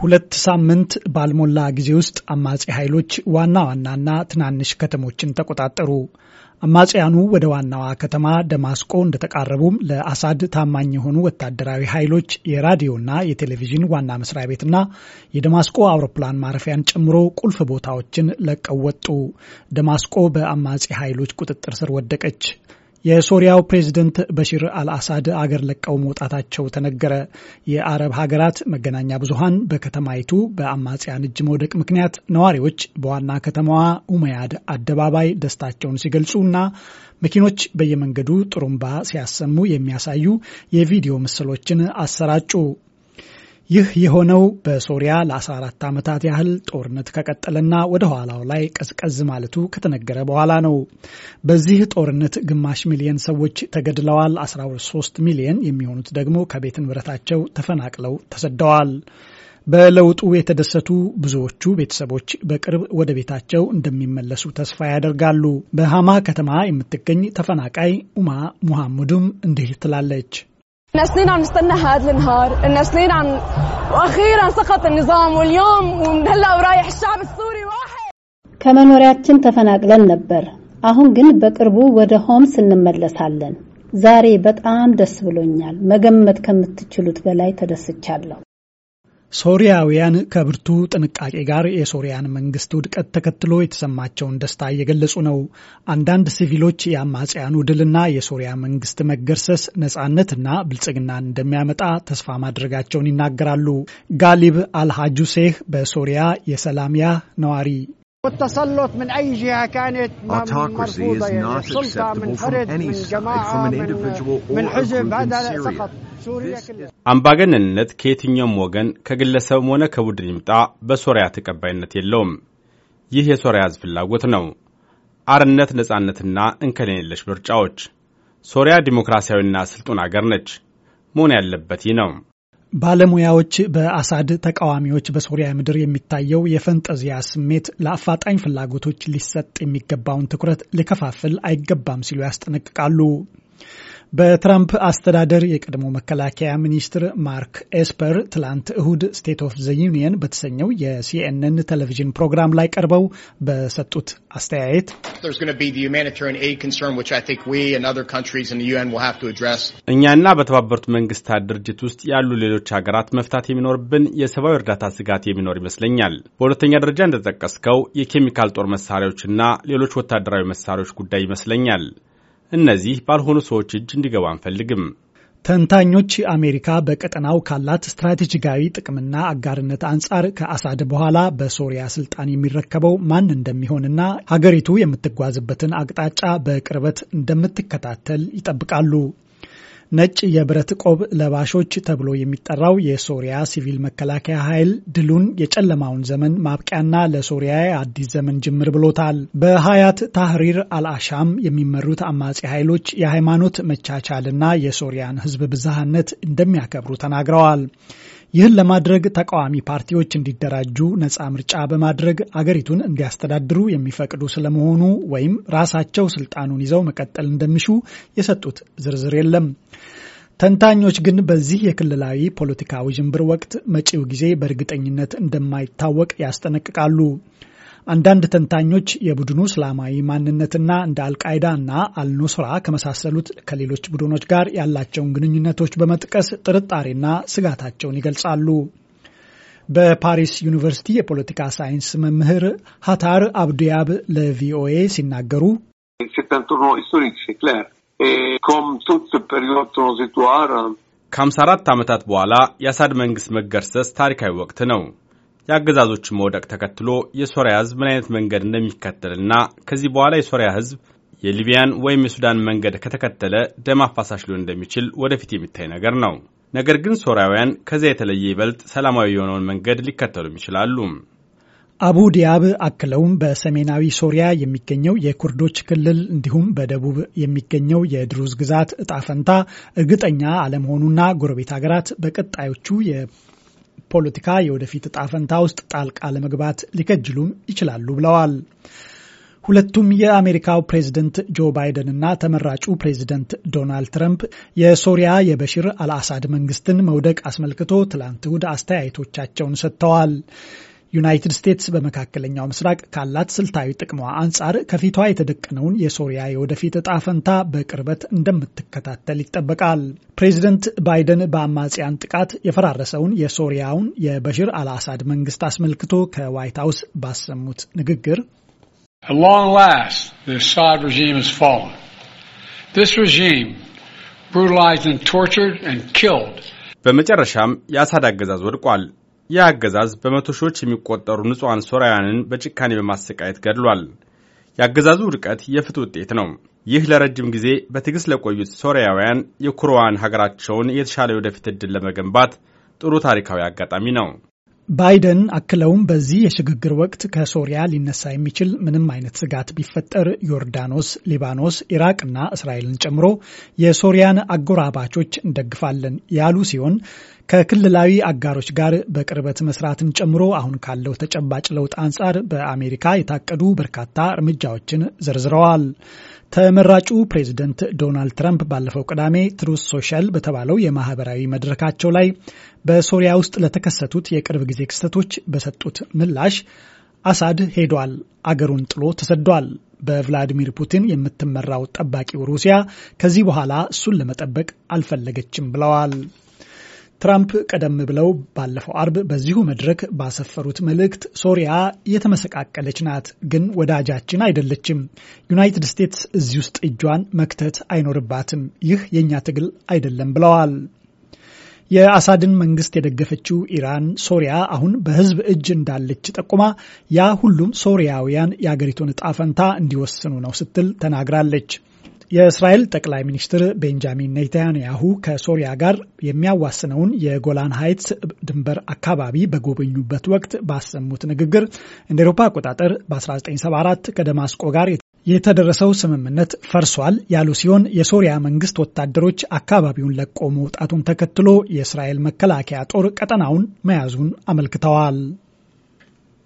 ሁለት ሳምንት ባልሞላ ጊዜ ውስጥ አማጺ ኃይሎች ዋና ዋናና ትናንሽ ከተሞችን ተቆጣጠሩ። አማጽያኑ ወደ ዋናዋ ከተማ ደማስቆ እንደተቃረቡም ለአሳድ ታማኝ የሆኑ ወታደራዊ ኃይሎች የራዲዮና የቴሌቪዥን ዋና መስሪያ ቤትና የደማስቆ አውሮፕላን ማረፊያን ጨምሮ ቁልፍ ቦታዎችን ለቀው ወጡ። ደማስቆ በአማጺ ኃይሎች ቁጥጥር ስር ወደቀች። የሶሪያው ፕሬዝደንት በሽር አልአሳድ አገር ለቀው መውጣታቸው ተነገረ። የአረብ ሀገራት መገናኛ ብዙሀን በከተማይቱ በአማጽያን እጅ መውደቅ ምክንያት ነዋሪዎች በዋና ከተማዋ ኡመያድ አደባባይ ደስታቸውን ሲገልጹ እና መኪኖች በየመንገዱ ጥሩምባ ሲያሰሙ የሚያሳዩ የቪዲዮ ምስሎችን አሰራጩ። ይህ የሆነው በሶሪያ ለ14 ዓመታት ያህል ጦርነት ከቀጠለና ወደ ኋላው ላይ ቀዝቀዝ ማለቱ ከተነገረ በኋላ ነው። በዚህ ጦርነት ግማሽ ሚሊየን ሰዎች ተገድለዋል። 13 ሚሊየን የሚሆኑት ደግሞ ከቤት ንብረታቸው ተፈናቅለው ተሰደዋል። በለውጡ የተደሰቱ ብዙዎቹ ቤተሰቦች በቅርብ ወደ ቤታቸው እንደሚመለሱ ተስፋ ያደርጋሉ። በሃማ ከተማ የምትገኝ ተፈናቃይ ኡማ ሙሐሙድም እንዲህ ትላለች። احنا سنين عم نستنى هذا النهار احنا سنين عم واخيرا سقط النظام واليوم ومن هلا ورايح الشعب السوري واحد ከመኖሪያችን ተፈናቅለን ነበር። አሁን ግን በቅርቡ ወደ ሆምስ እንመለሳለን። ዛሬ በጣም ደስ ብሎኛል። መገመት ከምትችሉት በላይ ተደስቻለሁ። ሶሪያውያን ከብርቱ ጥንቃቄ ጋር የሶሪያን መንግስት ውድቀት ተከትሎ የተሰማቸውን ደስታ እየገለጹ ነው። አንዳንድ ሲቪሎች የአማጽያኑ ድልና የሶሪያ መንግስት መገርሰስ ነጻነትና ብልጽግናን እንደሚያመጣ ተስፋ ማድረጋቸውን ይናገራሉ። ጋሊብ አልሃጁሴህ በሶሪያ የሰላሚያ ነዋሪ والتسلط Autocracy is not acceptable from any من فرد من individual من, من حزب هذا سقط አምባገነንነት ከየትኛውም ወገን ከግለሰብም ሆነ ከቡድን ይምጣ በሶሪያ ተቀባይነት የለውም። ይህ የሶሪያ ሕዝብ ፍላጎት ነው። አርነት፣ ነጻነትና እንከን የለሽ ምርጫዎች። ሶሪያ ዲሞክራሲያዊና ስልጡን አገር ነች። መሆን ያለበት ይህ ነው። ባለሙያዎች በአሳድ ተቃዋሚዎች በሶሪያ ምድር የሚታየው የፈንጠዚያ ስሜት ለአፋጣኝ ፍላጎቶች ሊሰጥ የሚገባውን ትኩረት ሊከፋፍል አይገባም ሲሉ ያስጠነቅቃሉ። በትራምፕ አስተዳደር የቀድሞ መከላከያ ሚኒስትር ማርክ ኤስፐር ትላንት እሁድ ስቴት ኦፍ ዘ ዩኒየን በተሰኘው የሲኤንን ቴሌቪዥን ፕሮግራም ላይ ቀርበው በሰጡት አስተያየት እኛና በተባበሩት መንግስታት ድርጅት ውስጥ ያሉ ሌሎች ሀገራት መፍታት የሚኖርብን የሰብአዊ እርዳታ ስጋት የሚኖር ይመስለኛል። በሁለተኛ ደረጃ እንደጠቀስከው የኬሚካል ጦር መሳሪያዎችና ሌሎች ወታደራዊ መሳሪያዎች ጉዳይ ይመስለኛል። እነዚህ ባልሆኑ ሰዎች እጅ እንዲገባ አንፈልግም። ተንታኞች አሜሪካ በቀጠናው ካላት ስትራቴጂካዊ ጥቅምና አጋርነት አንጻር ከአሳድ በኋላ በሶሪያ ስልጣን የሚረከበው ማን እንደሚሆንና ሀገሪቱ የምትጓዝበትን አቅጣጫ በቅርበት እንደምትከታተል ይጠብቃሉ። ነጭ የብረት ቆብ ለባሾች ተብሎ የሚጠራው የሶሪያ ሲቪል መከላከያ ኃይል ድሉን የጨለማውን ዘመን ማብቂያና ለሶሪያ አዲስ ዘመን ጅምር ብሎታል። በሀያት ታህሪር አልአሻም የሚመሩት አማጺ ኃይሎች የሃይማኖት መቻቻልና የሶሪያን ሕዝብ ብዝሃነት እንደሚያከብሩ ተናግረዋል። ይህን ለማድረግ ተቃዋሚ ፓርቲዎች እንዲደራጁ ነጻ ምርጫ በማድረግ አገሪቱን እንዲያስተዳድሩ የሚፈቅዱ ስለመሆኑ ወይም ራሳቸው ስልጣኑን ይዘው መቀጠል እንደሚሹ የሰጡት ዝርዝር የለም። ተንታኞች ግን በዚህ የክልላዊ ፖለቲካ ውዥንብር ወቅት መጪው ጊዜ በእርግጠኝነት እንደማይታወቅ ያስጠነቅቃሉ። አንዳንድ ተንታኞች የቡድኑ እስላማዊ ማንነትና እንደ አልቃይዳ እና አልኑስራ ከመሳሰሉት ከሌሎች ቡድኖች ጋር ያላቸውን ግንኙነቶች በመጥቀስ ጥርጣሬና ስጋታቸውን ይገልጻሉ። በፓሪስ ዩኒቨርሲቲ የፖለቲካ ሳይንስ መምህር ሀታር አብዱያብ ለቪኦኤ ሲናገሩ ከ54 ዓመታት በኋላ የአሳድ መንግስት መገርሰስ ታሪካዊ ወቅት ነው። የአገዛዞችን መውደቅ ተከትሎ የሶሪያ ህዝብ ምን አይነት መንገድ እንደሚከተልና ከዚህ በኋላ የሶሪያ ህዝብ የሊቢያን ወይም የሱዳን መንገድ ከተከተለ ደም አፋሳሽ ሊሆን እንደሚችል ወደፊት የሚታይ ነገር ነው። ነገር ግን ሶሪያውያን ከዚያ የተለየ ይበልጥ ሰላማዊ የሆነውን መንገድ ሊከተሉም ይችላሉ። አቡ ዲያብ አክለውም በሰሜናዊ ሶሪያ የሚገኘው የኩርዶች ክልል እንዲሁም በደቡብ የሚገኘው የድሩዝ ግዛት እጣ ፈንታ እርግጠኛ አለመሆኑና ጎረቤት ሀገራት በቀጣዮቹ ፖለቲካ የወደፊት እጣ ፈንታ ውስጥ ጣልቃ ለመግባት ሊከጅሉም ይችላሉ ብለዋል። ሁለቱም የአሜሪካው ፕሬዝደንት ጆ ባይደን እና ተመራጩ ፕሬዝደንት ዶናልድ ትራምፕ የሶሪያ የበሽር አልአሳድ መንግስትን መውደቅ አስመልክቶ ትላንት እሁድ አስተያየቶቻቸውን ሰጥተዋል። ዩናይትድ ስቴትስ በመካከለኛው ምስራቅ ካላት ስልታዊ ጥቅሟ አንጻር ከፊቷ የተደቀነውን የሶሪያ የወደፊት እጣ ፈንታ በቅርበት እንደምትከታተል ይጠበቃል። ፕሬዚደንት ባይደን በአማጽያን ጥቃት የፈራረሰውን የሶሪያውን የበሽር አልአሳድ መንግስት አስመልክቶ ከዋይት ሀውስ ባሰሙት ንግግር በመጨረሻም የአሳድ አገዛዝ ወድቋል። ይህ አገዛዝ በመቶ ሺዎች የሚቆጠሩ ንጹሐን ሶርያውያንን በጭካኔ በማሰቃየት ገድሏል። የአገዛዙ ውድቀት የፍትህ ውጤት ነው። ይህ ለረጅም ጊዜ በትዕግስት ለቆዩት ሶርያውያን የኩሮዋን ሀገራቸውን የተሻለ ወደፊት ዕድል ለመገንባት ጥሩ ታሪካዊ አጋጣሚ ነው። ባይደን አክለውም በዚህ የሽግግር ወቅት ከሶሪያ ሊነሳ የሚችል ምንም አይነት ስጋት ቢፈጠር ዮርዳኖስ፣ ሊባኖስ፣ ኢራቅና እስራኤልን ጨምሮ የሶሪያን አጎራባቾች እንደግፋለን ያሉ ሲሆን ከክልላዊ አጋሮች ጋር በቅርበት መስራትን ጨምሮ አሁን ካለው ተጨባጭ ለውጥ አንጻር በአሜሪካ የታቀዱ በርካታ እርምጃዎችን ዘርዝረዋል። ተመራጩ ፕሬዝደንት ዶናልድ ትራምፕ ባለፈው ቅዳሜ ትሩስ ሶሻል በተባለው የማህበራዊ መድረካቸው ላይ በሶሪያ ውስጥ ለተከሰቱት የቅርብ ጊዜ ክስተቶች በሰጡት ምላሽ አሳድ ሄዷል፣ አገሩን ጥሎ ተሰዷል። በቭላዲሚር ፑቲን የምትመራው ጠባቂው ሩሲያ ከዚህ በኋላ እሱን ለመጠበቅ አልፈለገችም ብለዋል። ትራምፕ ቀደም ብለው ባለፈው አርብ በዚሁ መድረክ ባሰፈሩት መልእክት ሶሪያ የተመሰቃቀለች ናት፣ ግን ወዳጃችን አይደለችም። ዩናይትድ ስቴትስ እዚህ ውስጥ እጇን መክተት አይኖርባትም። ይህ የእኛ ትግል አይደለም ብለዋል። የአሳድን መንግስት የደገፈችው ኢራን ሶሪያ አሁን በህዝብ እጅ እንዳለች ጠቁማ ያ ሁሉም ሶሪያውያን የአገሪቱን እጣ ፈንታ እንዲወስኑ ነው ስትል ተናግራለች። የእስራኤል ጠቅላይ ሚኒስትር ቤንጃሚን ኔታንያሁ ከሶሪያ ጋር የሚያዋስነውን የጎላን ሀይትስ ድንበር አካባቢ በጎበኙበት ወቅት ባሰሙት ንግግር እንደ ኤሮፓ አቆጣጠር በ1974 ከደማስቆ ጋር የተደረሰው ስምምነት ፈርሷል ያሉ ሲሆን የሶሪያ መንግስት ወታደሮች አካባቢውን ለቆ መውጣቱን ተከትሎ የእስራኤል መከላከያ ጦር ቀጠናውን መያዙን አመልክተዋል።